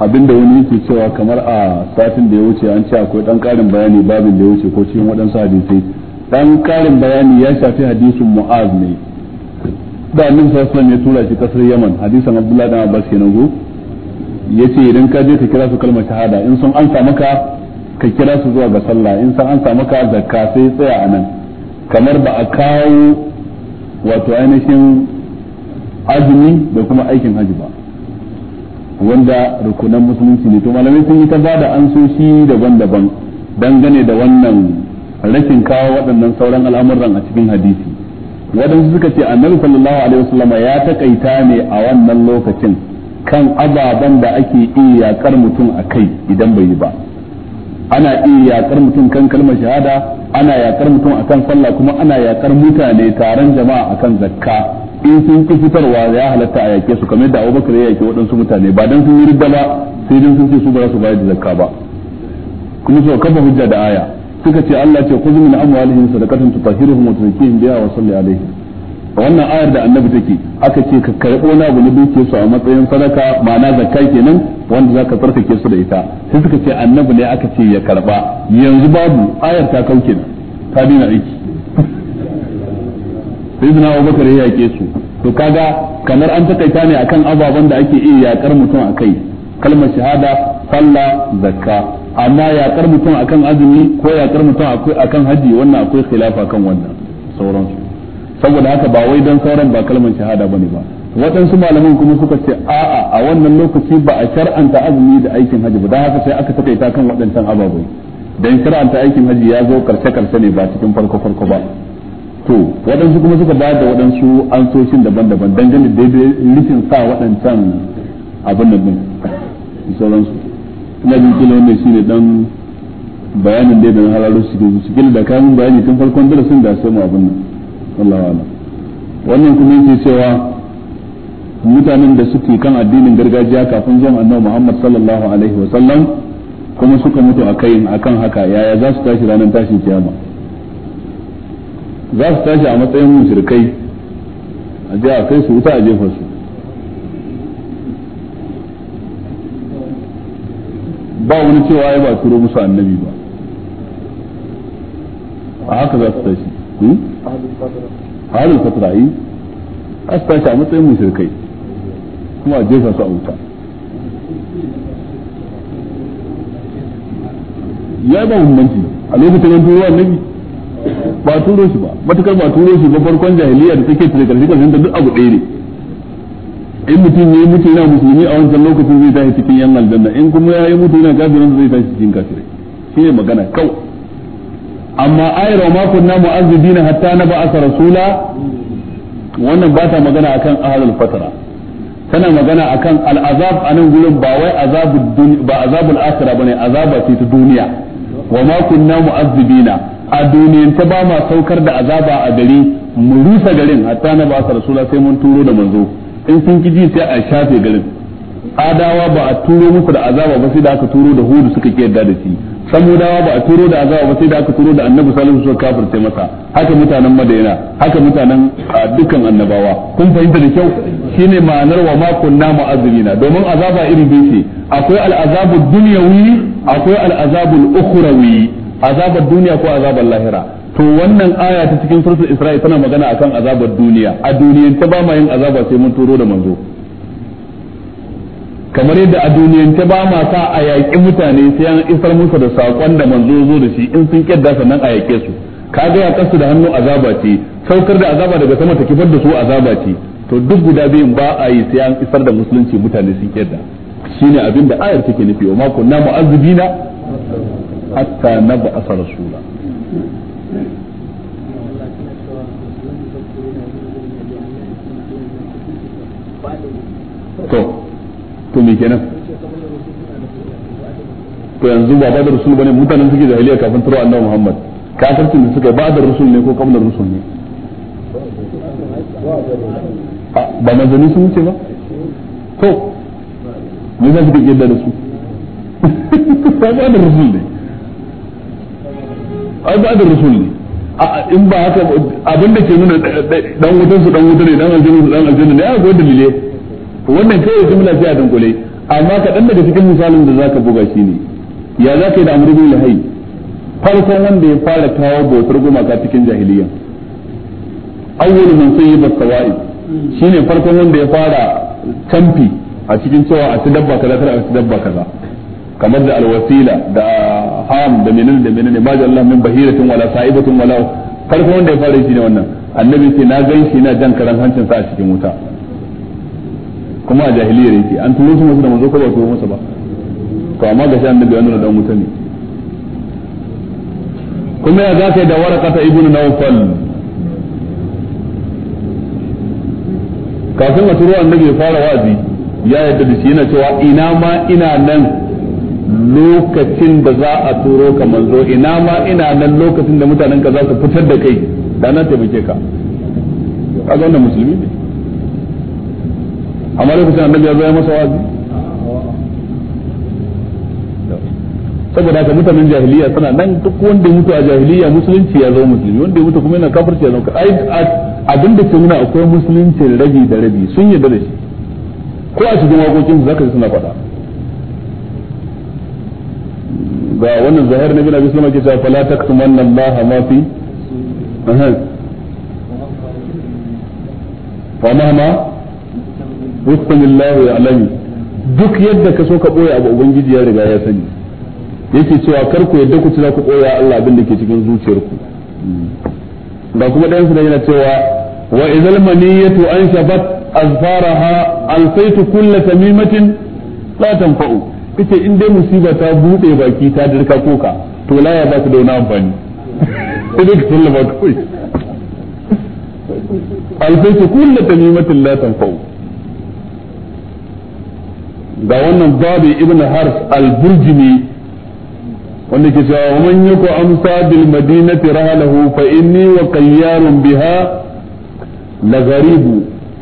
abinda wani yake cewa kamar a satin da ya wuce an ce akwai dan karin bayani babin da ya wuce ko cikin waɗansu hadisai dan karin bayani ya shafi hadisin mu'az ne da annabi sallallahu alaihi ya tura shi kasar yaman hadisin abdullahi dan abbas kenan go yace idan ka je ka kira su kalmar shahada in sun amsa maka ka kira su zuwa ga sallah in sun amsa maka zakka sai tsaya nan kamar ba a kawo wato ainihin azumi da kuma aikin hajji ba wanda rukunan musulunci ne to malamai sun yi ta ba da ansoshi daban-daban dangane da wannan rashin kawo waɗannan sauran al'amuran a cikin hadisi waɗansu suka ce annabi sallallahu alaihi wasallam ya takaita ne a wannan lokacin kan ababen da ake iya yakar mutum a kai idan bai yi ba ana iya yakar mutum kan kalmar shahada ana yakar mutum akan sallah kuma ana yakar mutane taron jama'a akan zakka in sun ki fitarwa ya halatta a yake su kamar da Abubakar ya yake waɗansu mutane ba dan sun yi riba ba sai dan sun ce su ba za su bayar da zakka ba kuma su kafa hujja da aya suka ce Allah ce khudh min amwalihim sadaqatan tutahhiruhum wa tuzakkihim biha wa salli alaihim wannan ayar da annabi take aka ce ka karɓo na abu na su a matsayin sadaka ma'ana zakka kenan wanda zaka tsarkake su da ita sai suka ce annabi ne aka ce ya karba yanzu babu ayar ta kauke ta dina aiki sai zina wa bakar ya yake su to kaga kamar an takaita ne akan ababen da ake iya yakar mutum a kai kalmar shahada falla zakka amma yakar mutum akan azumi ko yakar mutum akan haji wannan akwai khilafa kan wannan sauransu saboda haka ba wai dan sauran ba kalmar shahada bane ba waɗansu malaman kuma suka ce a'a a wannan lokaci ba a shar'anta azumi da aikin haji ba don haka sai aka takaita kan waɗancan ababai dan shar'anta aikin haji ya zo karshe karshe ne ba cikin farko farko ba to waɗansu kuma suka bayar da waɗansu ansoshin daban-daban dangane da nufin sa waɗancan abin da ɗin sauransu ina jin kila shi ne dan bayanin da na halarar su ke zuci kila da kayan bayani tun farkon darasin da sai mu abin nan wallahi wala wannan kuma yake cewa mutanen da suke kan addinin gargajiya kafin zuwan annabi Muhammad sallallahu alaihi wa sallam kuma suka mutu akai akan haka yaya za su tashi ranar tashin kiyama za su tashi a matsayin mushrikai a je a kai su wuta a jefa su ba wani cewa ya ba turo musu annabi ba a haka za su tashi hmm? halin fatara yi eh? a su tashi a matsayin mushrikai kuma a jefa su a wuta ya ba bambanci a lokacin an turo annabi ba turo shi ba matukar ba turo shi ba farkon jahiliya da take tare karshe karshen da duk abu ɗaya ne in mutum ya yi mutu yana musulmi a wancan lokacin zai tashi cikin yan aljanna in kuma ya yi mutu yana kafirin zai tashi cikin kafirai ne magana kawai amma ayar wa makon na mu'azzibina hatta na ba'asa rasula wannan ba ta magana akan ahlul fatara tana magana akan al'azab a nan gurin ba wai azabul ba azabul akhirah bane azaba ce ta duniya wa ma kunna mu'azzibina a ta ba ma saukar da azaba a gari mu rusa garin hatta na ba rasula sai mun turo da manzo in sun kiji sai a shafe garin adawa ba a turo musu da azaba ba sai da aka turo da hudu suka ke yarda da shi samudawa ba a turo da azaba ba sai da aka turo da annabi salihu suka kafirce masa haka mutanen madaina haka mutanen dukkan annabawa kun fahimta da kyau shine ma'anar wa ma kunna mu'azzibina domin azaba iri biyu ce akwai al'azabud dunyawi akwai al'azabul ukhrawi azabar duniya ko azabar lahira to wannan aya ta cikin suratul isra'i tana magana akan azabar duniya a ta ba ma yin azaba sai mun turo da manzo kamar yadda a ta ba ma sa a yaƙi mutane sai an isar musu da saƙon da manzo zo da shi in sun kyadda sannan a yaƙe su ga ya kasu da hannu azaba ce saukar da azaba daga sama ta kifar da su azaba ce to duk guda biyun ba a yi sai an isar da musulunci mutane sun kyadda shine abin da ayar take nufi wa ma kunna mu'azzibina hatta nab'atha rasula to to me kenan to yanzu ba ba da rasul bane mutanen suke jahiliya kafin turo annabi Muhammad kafircin da suka ba da rasul ne ko kamar rasul ne ba manzanni sun wuce ba to me za su ke da su ba ba da rasul ne ai ba da rusul ne in ba haka abin da ke nuna dan wutan su dan wuta ne dan aljanna su dan aljanna ne akwai dalilai wannan kai jumla ce a dangule amma kaɗan daga cikin misalin da zaka buga shi ne ya zaka yi da amru bin lahayi farkon wanda ya fara kawo bautar gumaka cikin jahiliya awwal man sayyiba sawai shine farkon wanda ya fara kamfi a cikin cewa a ci dabba kaza kada a ci dabba kaza kamar da alwasila da ham da menene da menene ma Allah min bahiratin wala sa'ibatin wala farko wanda ya fara shi ne wannan annabi ce na gan shi na jan karan hancin sa a cikin wuta kuma a jahiliyar yake an tuno shi musu da manzo ko ba tuno musu ba to amma ga shi annabi ya nuna dan wuta ne kuma ya zaka da warqata ibnu nawfal kafin a turo annabi ya fara wazi ya yadda da shi yana cewa ina ma ina nan lokacin da za a turo ka manzo ina ma ina nan lokacin da mutanen ka za su fitar da kai da na taimake ka kaga wannan musulmi ne amma lokacin annabi ya zo ya masa wazi saboda haka mutanen jahiliya suna nan duk wanda mutu a jahiliya musulunci ya zama musulmi wanda mutu kuma yana kafirci ya ka ai abin da ke nuna akwai musulunci rabi da rabi sun yarda da shi ko a cikin waƙoƙin zaka ji suna faɗa da wannan zahir na bin abi sulama ke cewa fala taktumanna allaha ma fi fa ma ma wasallallahu alaihi duk yadda ka so ka boye abu ubangiji ya riga ya sani yake cewa kar ku yadda ku ci za ku boye Allah abin da ke cikin zuciyarku ga kuma ɗayan su yana cewa wa idhal maniyatu anshabat azfaraha alsaytu kulla tamimatin la tanfa'u kace in dai musiba ta bude baki ta dirka koka to laya ba su da wani amfani sai ka sallama kawai alfaitu kullu tamimatin la tanfa'u ga wannan babu ibn harf al-burjini wanda ke cewa man yuku amsa bil madinati rahalahu fa inni wa qayyarun biha la gharibu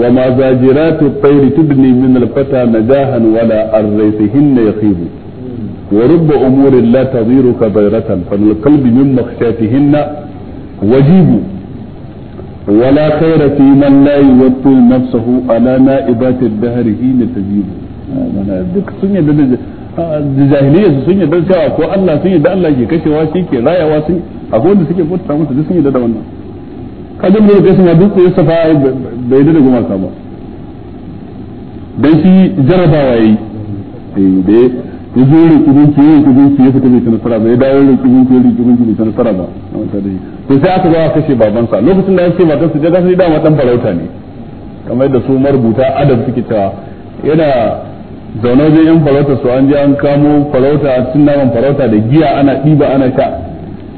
وما زاجرات الطير تبني من الفتى نجاها ولا عن ريثهن يخيب ورب أمور لا تضير كبيرة فالقلب من مخشاتهن وجيب ولا خير في من لا نفسه على نائبات الدهر حين تجيب jahiliya su sun yadda cewa ko Allah sun yadda Allah ke kashewa shi ke rayawa sun akwai wanda suke bauta musu duk sun yadda da wannan kaje mu da kai sun yadda su bai da daga gumaka ba dan shi jarabawa yayi eh da ya zo riki gunki yi riki gunki yi fita bai ta nasara ba ya dawo riki gunki yi riki gunki bai ta nasara ba to sai aka zo aka kashe babansa lokacin da yake matan su daga sai da matan farauta ne kamar da su marubuta adab suke ta yana zaune wajen yan farauta su an je an kamo farauta cin naman farauta da giya ana ɗiba ana sha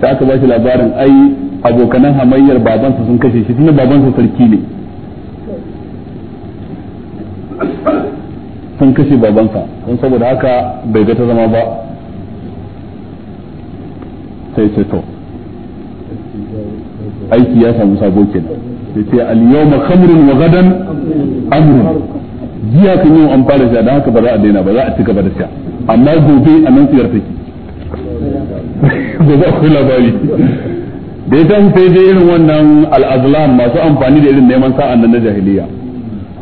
sai aka ba shi labarin ai abokanan hamayyar babansa sun kashe shi tunda babansa sarki ne sun kashe babansa don saboda haka bai ga ta zama ba sai ce to aiki ya samu sabo kenan sai ce al-yawma khamrun wa gadan amrun jiya kan yi an fara shi don haka ba za a daina ba za a ci gaba da shi amma gobe a nan tsiyar take gobe akwai labari da ya san sai dai irin wannan al'azlam masu amfani da irin neman sa'an nan na jahiliya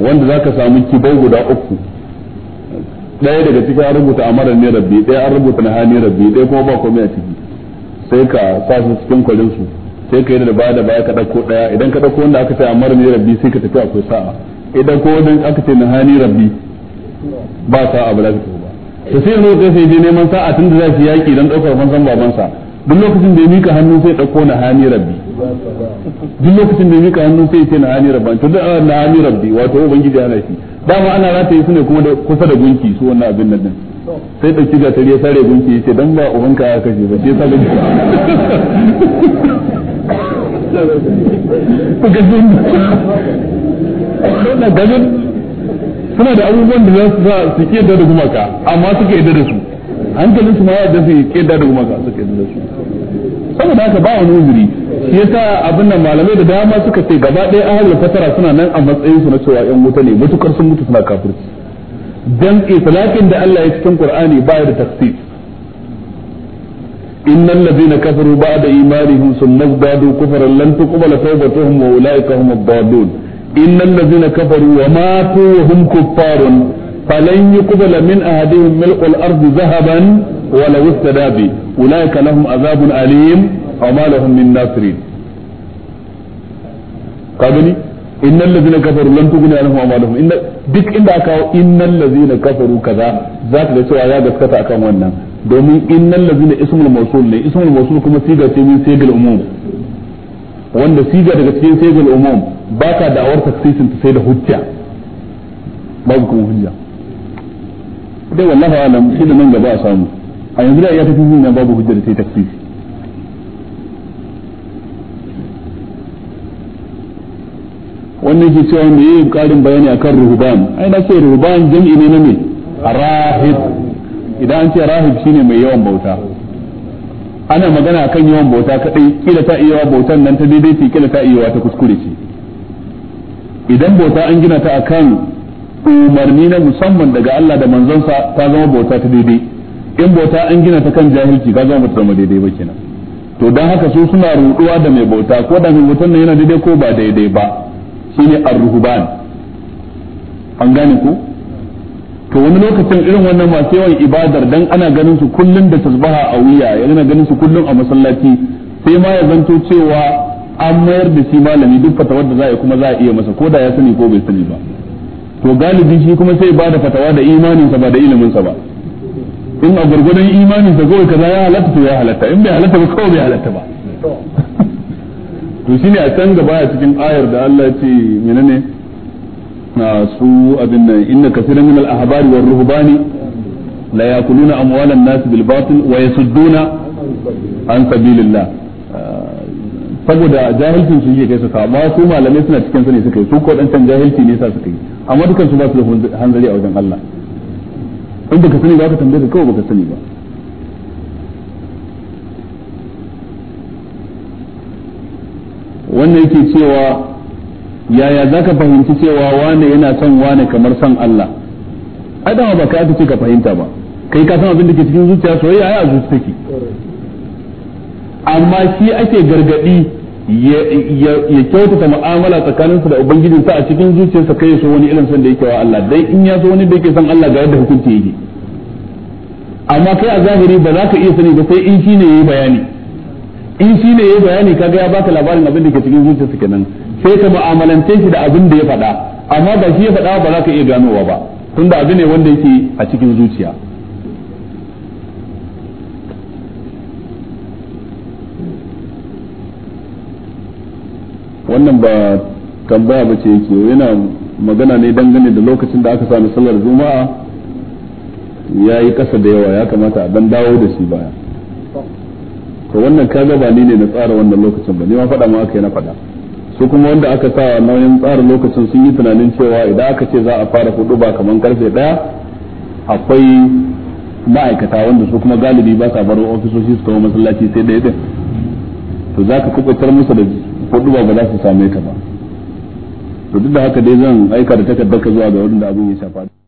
wanda ka samu kibau guda uku ɗaya daga ciki an rubuta amara ne rabbi ɗaya an rubuta na hani rabbi ɗaya kuma ba komai a ciki sai ka sa su cikin kwalin su sai ka yi da baya da baya ka ɗauko ɗaya idan ka ɗauko wanda aka ce amara ne rabbi sai ka tafi akwai sa'a idan ko wanda aka ce na hani rabbi ba sa'a ba za ka tafi ba to sai yanzu kai sai je neman sa'a tun da za su yaƙi don ɗaukar fansan babansa duk lokacin da ya mika hannu sai ɗauko na hani rabbi duk lokacin da mika hannu sai ce na ani rabban to da ah, na ani rabbi wato ubangiji ana shi dama ana rataye su ne kuma da kusa da gunki su wannan abin nan din sai da kiga tare sare gunki yace dan ba ubanka ya kashe ba sai sare gunki gajin suna da abubuwan da za su sa su ke da gumaka amma suka yadda da su hankalin su ma ya da su ke da gumaka suka yadda da su saboda haka ba wani uzuri shi yasa abin nan malamai da dama suka ce gaba ɗaya ahlul fatara suna nan a matsayin su na cewa yan wuta ne mutukar sun mutu suna kafirci dan itlaqin da Allah ya cikin Qur'ani ba da tafsir innal ladina kafaru ba'da imanihim summa zadu kufran lan tuqbala tawbatuhum wa ulaika hum ad-dallun innal ladina kafaru wa matu wa hum kuffarun falan yuqbala min ahadihim mil'ul ardi zahaban wa law istadabi ulaika lahum azabun alim aw ma lahum min nasirin ka gani innal ladzina kafaru lan tughni anhum amalahum inna inda aka kawo innal ladzina kafaru kaza zaka ga cewa ya gaskata akan wannan domin innal ladzina ismul mawsul ne ismul mawsul kuma siga ce min sigal umum wanda siga daga cikin sigal umum baka da awar taksisin ta sai da hujja babu kuma hujja dai wallahi alam shi da nan gaba a samu a yanzu babu hujja wannan ke cewa me yayin karin bayani akan ruhban ai na ce ruhban jami'i ne na me rahib idan an ce rahib shine mai yawan bauta ana magana akan yawan bauta kadai kila ta iya bautan nan ta daidai ce kila ta iya ta kuskure ce idan bauta an gina ta akan umarni na musamman daga Allah da manzonsa ta zama bauta ta daidai in bauta an gina ta kan jahilci ta zama bata daidai ba kenan to dan haka su suna ruduwa da mai bauta ko da mai bautan nan yana daidai ko ba daidai ba shine ar-ruhban an gane ku to wani lokacin irin wannan masu yawan ibadar dan ana ganin su kullun da tasbaha a wuya yana ganin su kullun a masallaci sai ma ya zanto cewa an mayar da shi malami duk fatawar da za kuma za iya masa ko da ya sani ko bai sani ba to galibi shi kuma sai ba da fatawa da imaninsa ba da iliminsa ba in a imanin imaninsa kawai kaza ya halatta to ya halatta in bai halatta ba kawai bai halatta ba to ne a can gaba a cikin ayar da Allah ce ne na su abin nan inna kaseeran min al-ahbari war ruhbani la yakuluna amwala an-nas bil batil wa yasudduna an sabilillah saboda jahilcin su yake kai su kama su malamai suna cikin sani suka yi su ko dan jahilci ne sa suka yi amma dukan su ba su da hanzari a wajen Allah in baka sani ba ka tambaye ka kawai baka sani ba wannan yake cewa yaya za ka fahimci cewa wane yana son wane kamar son Allah adama ba ka ce ka fahimta ba kai ka san abin da ke cikin zuciya soyayya ya zuci take amma shi ake gargadi ya kyautata mu'amala tsakaninsa da ubangijinsa a cikin zuciyarsa kai ya so wani irin son da yake wa Allah dai in ya so wani da yake son Allah ga yadda hukunci yake amma kai a zahiri ba za ka iya sani ba sai in shine yayi bayani in shi ne ya bayani kaga ya baka labarin abin da ke cikin zuciyarsa kenan sai ka mu'amalance shi da abin da ya faɗa amma ba shi ya faɗa ba za ka iya ganowa ba tun tunda abin ne wanda yake a cikin zuciya wannan ba tambaya ba ce yake yana magana ne dangane da lokacin da aka sami sallar juma'a ya yi kasa da yawa ya kamata a dan dawo da shi baya to wannan kaga ba ni ne na tsara wannan lokacin ba ni ma faɗa ma aka yi na faɗa su kuma wanda aka sa nauyin tsara lokacin sun yi tunanin cewa idan aka ce za a fara hudu ba kamar karfe daya. akwai ma'aikata wanda su kuma galibi ba sa baro ofisoshi su kawo masallaci sai ɗaya ɗin to za ka kubutar musu da hudu ba ba za su same ka ba to duk da haka dai zan aika da takardar ka zuwa ga wurin da abin ya shafa